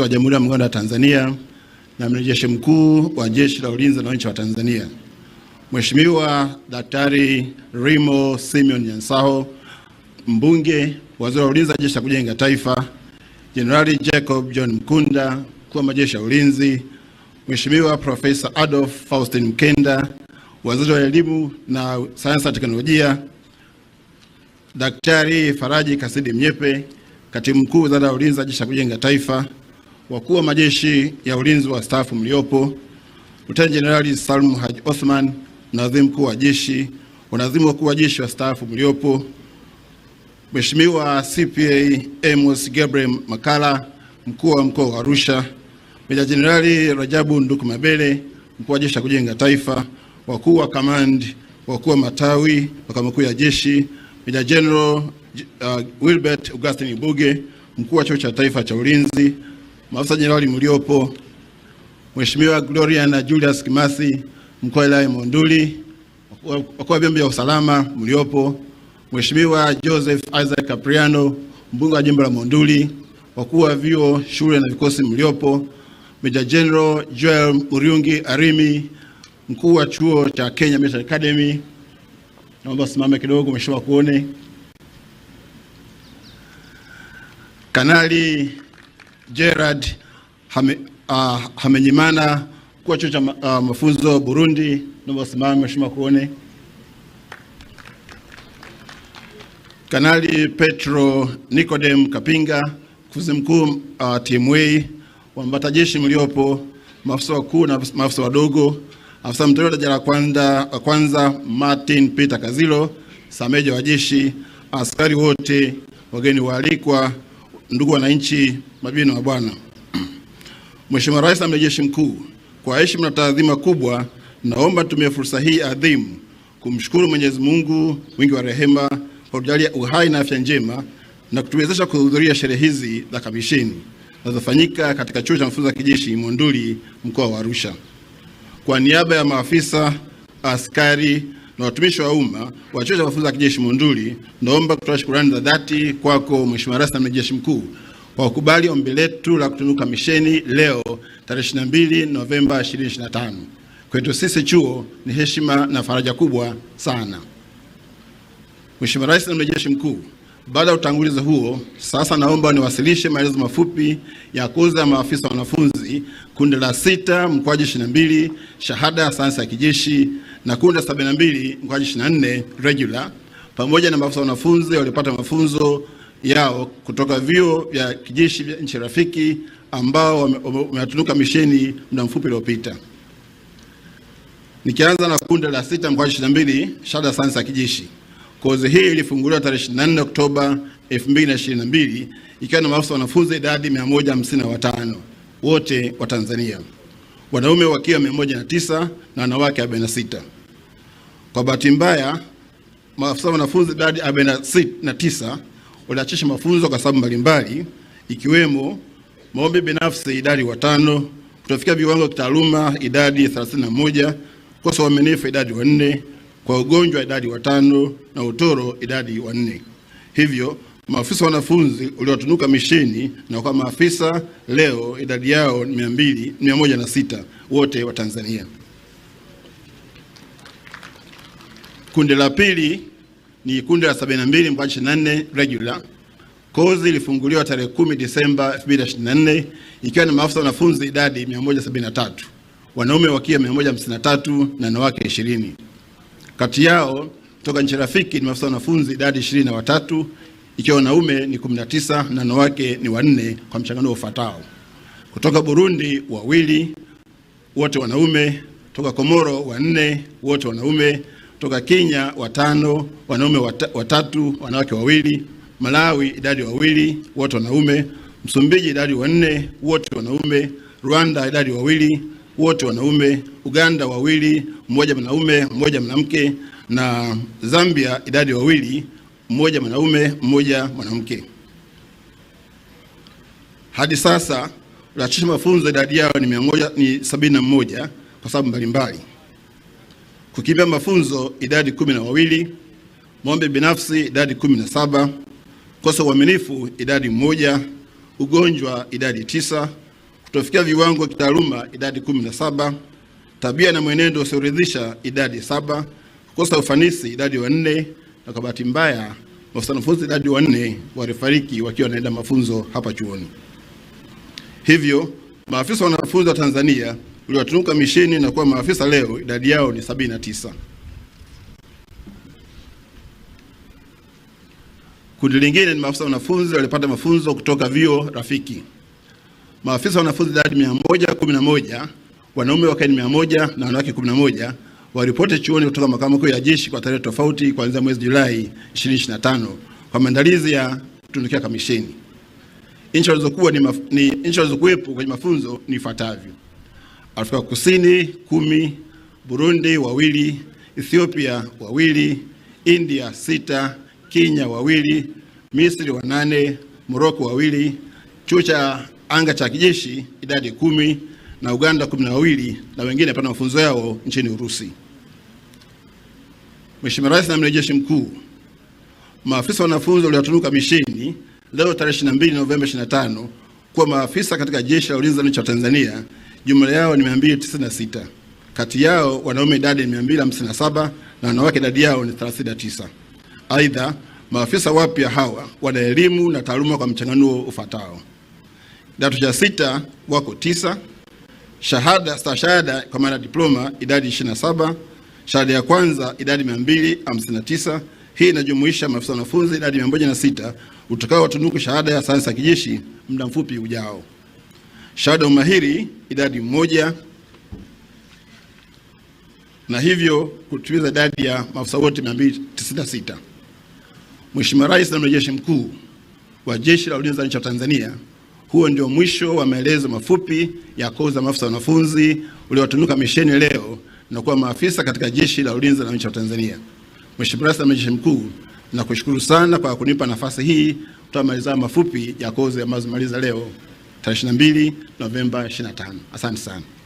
wa Jamhuri ya Muungano wa Tanzania na Amiri Jeshi Mkuu wa Jeshi la Ulinzi la Wananchi wa Tanzania, Mheshimiwa Daktari Rimo Simeon Nyansaho, Mbunge, Waziri wa Ulinzi wa Jeshi la Kujenga Taifa, Jenerali Jacob John Mkunda, Mkuu wa Majeshi ya Ulinzi, Mheshimiwa Profesa Adolf Faustin Mkenda, Waziri wa Elimu na Sayansi na Teknolojia, Daktari Faraji Kasidi Mnyepe, Katibu Mkuu Wizara ya Ulinzi wa Jeshi la Kujenga Taifa wakuu wa majeshi ya ulinzi wa staafu mliopo, Luteni Jenerali Salum Haji Osman, mnadhimu mkuu wa jeshi, wanadhimu wakuu wa jeshi wa staafu mliopo, Mheshimiwa CPA Amos Gabriel Makala, mkuu wa mkoa wa Arusha, Meja Jenerali Rajabu Nduku Mabele, mkuu wa jeshi la kujenga taifa, wakuu wa kamandi, wakuu wa matawi, makao makuu ya jeshi, Meja General uh, Wilbert Augustine Buge, mkuu wa chuo cha taifa cha ulinzi maafisa jenerali mliopo, Mheshimiwa Gloria na Julius Kimasi, mkuu wa wilaya Monduli, wakuu wa vyombo vya usalama mliopo, Mheshimiwa Joseph Isaac Capriano, mbunge wa jimbo la Monduli, wakuu wa vyuo, shule na vikosi mliopo, Meja General Joel Muriungi Arimi, mkuu wa chuo cha Kenya Military Academy. Naomba simame kidogo, mheshimiwa, kuone Kanali Gerard hame, uh, Hamenyimana kuwa chuo cha uh, mafunzo Burundi. Naomba simama Mheshimiwa Kuone. Kanali Petro Nicodem Kapinga, mkufunzi mkuu uh, ah, TMA, wambata jeshi mliopo, maafisa wakuu na maafisa wadogo, afisa mteule daraja la kwanza, kwanza Martin Peter Kazilo, sameja wa jeshi, askari wote, wageni waalikwa Ndugu wananchi, mabibi na mabwana, Mheshimiwa Rais na Mrejeshi Mkuu, kwa heshima na taadhima kubwa, naomba tumie fursa hii adhimu kumshukuru Mwenyezi Mungu mwingi wa rehema kwa kujalia uhai na afya njema na kutuwezesha kuhudhuria sherehe hizi za kamisheni zinazofanyika katika Chuo cha Mafunzo ya Kijeshi Monduli, mkoa wa Arusha. Kwa niaba ya maafisa, askari na watumishi wa umma wa chuo cha mafunzo ya kijeshi Monduli, naomba kutoa shukrani za dhati kwako Mheshimiwa Rais na Jeshi Mkuu kwa kukubali ombi letu la kutunuka misheni leo tarehe 22 Novemba 2025. Kwetu sisi chuo ni heshima na faraja kubwa sana. Mheshimiwa Rais na Jeshi Mkuu, baada ya utangulizi huo, sasa naomba niwasilishe maelezo mafupi ya kozi ya maafisa wanafunzi kundi la sita mkoaji 22 shahada ya sayansi ya kijeshi na kundi la 72 mkoaji 24 regular pamoja na maafisa wanafunzi walipata mafunzo yao kutoka vyuo vya kijeshi vya nchi rafiki ambao wametunuka misheni muda mfupi uliopita. Nikianza na kundi la sita mkoaji 22 shahada sayansi ya kijeshi. Kozi hii ilifunguliwa tarehe 24 Oktoba 2022 ikiwa na maafisa wanafunzi idadi 155 wote wa Tanzania, wanaume wakiwa 109 na wanawake 46. Kwa bahati mbaya, maafisa wanafunzi idadi tisa waliachisha mafunzo kwa sababu mbalimbali, ikiwemo maombi binafsi idadi watano, kutofikia viwango kitaaluma idadi 31, kosa uaminifu idadi wanne, kwa ugonjwa idadi watano na utoro idadi wanne. Hivyo maafisa wanafunzi waliotunuka misheni na kwa maafisa leo idadi yao ni 200 sita wote wa Tanzania. Kundi la pili ni kundi la 72 mpaka 24 regular kozi ilifunguliwa tarehe 10 Disemba 2024 ikiwa na maafisa wanafunzi idadi 173 wanaume wakiwa 153 na wanawake 20. Kati yao toka nchi rafiki ni maafisa wanafunzi idadi 23 ikiwa wanaume ni 19 na wanawake ni wanne kwa mchanganuo ufuatao: kutoka Burundi wawili wote wanaume, toka Komoro wanne wote wanaume kutoka Kenya watano, wanaume watatu, wanawake wawili. Malawi idadi wawili, wote wanaume. Msumbiji idadi wanne, wote wanaume. Rwanda idadi wawili, wote wanaume. Uganda wawili, mmoja mwanaume, mmoja mwanamke, na Zambia idadi wawili, mmoja mwanaume, mmoja mwanamke. Hadi sasa waliochapisha mafunzo idadi yao ni 171 kwa sababu mbalimbali kukimbia mafunzo idadi kumi na wawili, mombe binafsi idadi kumi na saba, kosa uaminifu idadi moja, ugonjwa idadi tisa, kutofikia viwango kitaaluma idadi kumi na saba, tabia na mwenendo usioridhisha idadi saba, kukosa ufanisi idadi wanne, na kwa bahati mbaya maafisa idadi wanne walifariki wakiwa wanaenda mafunzo hapa chuoni. Hivyo maafisa wanafunzi wa Tanzania uliwatunuka misheni na kuwa maafisa leo idadi yao ni sabini na tisa. Kundi lingine ni maafisa wanafunzi walipata mafunzo kutoka vyuo rafiki. Maafisa wanafunzi idadi mia moja moja wanaume wakiwa ni mia moja na wanawake 11 moja waripoti chuoni kutoka makao makuu ya jeshi kwa tarehe tofauti kuanzia mwezi Julai 2025 kwa maandalizi ya kutunukia kamisheni. Nchi walizokuwa ni, ni nchi walizokuwepo kwenye mafunzo ni ifuatavyo. Afrika Kusini kumi, Burundi wawili, Ethiopia wawili, India sita, Kenya wawili, Misri wanane, Moroko wawili, chuo cha anga cha kijeshi idadi kumi na Uganda kumi na wawili na wengine pana mafunzo yao nchini Urusi. Mheshimiwa Rais na Amiri Mkuu, maafisa wanafunzi waliotunuka misheni leo tarehe 22 Novemba 25 kuwa maafisa katika Jeshi la Ulinzi la Nchi Tanzania jumla yao ni 296. Kati yao wanaume idadi ni 257 na wanawake idadi yao ni 39. Aidha, maafisa wapya hawa wana elimu na taaluma kwa mchanganuo ufuatao: kidato cha sita wako tisa, shahada stashahada kwa maana diploma idadi 27, shahada ya kwanza idadi 259. Hii inajumuisha maafisa wanafunzi idadi 106 utakao watunuku shahada ya sayansi ya kijeshi muda mfupi ujao shahada umahiri idadi moja, na hivyo kutimiza idadi ya maafisa wote 296. Mheshimiwa Rais na Mrejeshi Mkuu wa Jeshi la Ulinzi la Nchi ya Tanzania, huo ndio mwisho wa maelezo mafupi ya kozi za maafisa wanafunzi uliowatunuka misheni leo na kuwa maafisa katika Jeshi la Ulinzi la Nchi ya Tanzania. Mheshimiwa Rais na Mrejeshi Mkuu, nakushukuru sana kwa kunipa nafasi hii kutoa maelezo mafupi ya kozi ambazo zimaliza leo tarehe 22 Novemba 25. Asante sana.